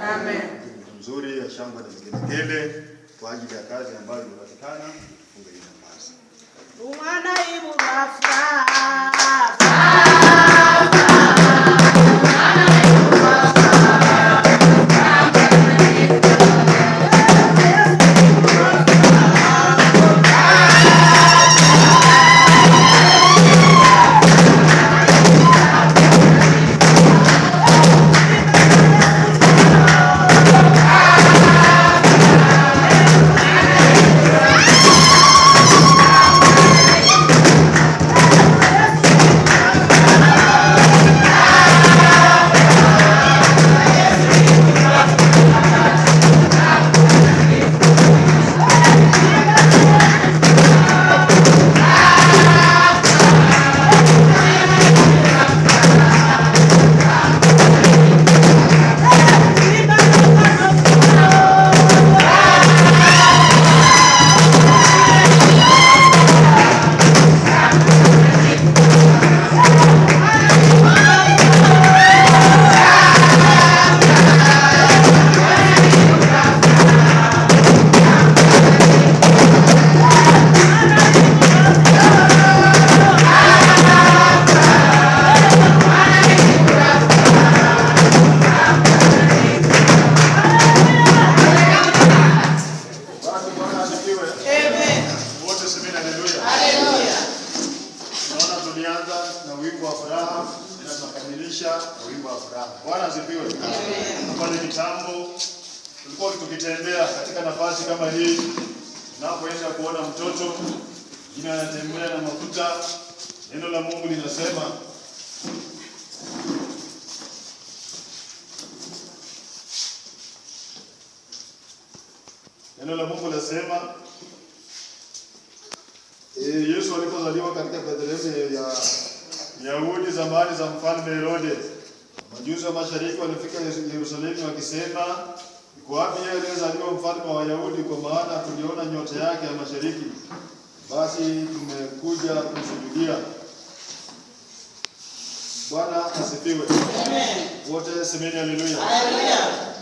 Amen. mzuri ya shangwe na vigelegele kwa ajili ya kazi ambayo imepatikana, tufunge ibu mafuta. wimbo wa furaha na tunakamilisha na wimbo wa furaha. Bwana asifiwe. Pale kitambo tulikuwa tukitembea katika nafasi kama hii, napoenda kuona mtoto jina anatembea na mafuta, neno la Mungu linasema neno la Mungu linasema e, Yesu alipozaliwa katika Bethlehemu ya Yahudi zamani za mfalme Herode, majuzi wa mashariki walifika Yerusalemu wakisema, iko wapi yeye aliyezaliwa mfalme wa Wayahudi? Kwa maana tuliona nyota yake ya mashariki, basi tumekuja kumsujudia. Bwana asifiwe. Amen. Wote semeni haleluya. Haleluya.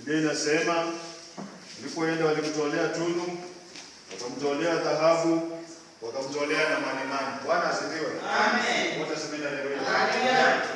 Biblia inasema ulipoenda walikutolea tunu, wakamtolea dhahabu, wakamtolea na manemane. Bwana asifiwe. Amen. Wote Amen.